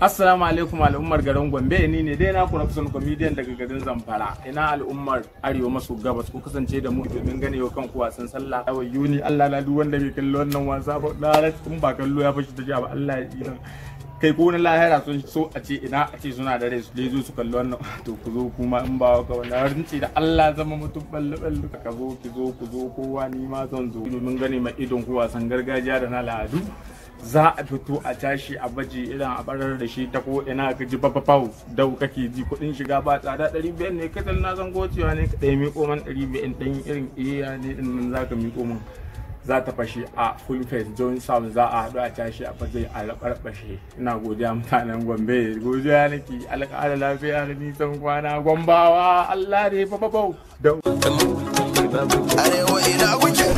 Assalamu alaikum al'ummar garin Gombe ni ne dai na kuna kusan comedian daga garin Zamfara ina al'ummar Arewa maso gabas ku kasance da mu domin gane yau kanku wasan sallah yawa yuni Allah la duk wanda bai kallo wannan wasa ba da kun ba kallo ya fashi tafiya ba Allah ya tsira kai ko na lahira sun so a ce ina a ce suna da rai su zo su kallo wannan to ku zo kuma in ba ka wannan rinci da Allah zama mutum balle balle ka zo ki zo ku zo kowa ni ma zan zo domin gane ma idon ku wasan gargajiya da na ladu za a fito a tashi a baje irin a barar da shi ta ko ina ka ji babbafawo da kake ji kuɗin shiga ba tsada ɗari biyar ne ka na zan gocewa ne ka ɗaya miƙo man ɗari biyar ɗan irin iya ne din nan za ka miƙo man za ta fashe a full face john sam za a haɗu a tashi a baje a laɓarɓashe ina godiya mutanen gombe godiya nake alƙala lafiya da nisan kwana gombawa allah ne babbafawo dau arewa ina kuke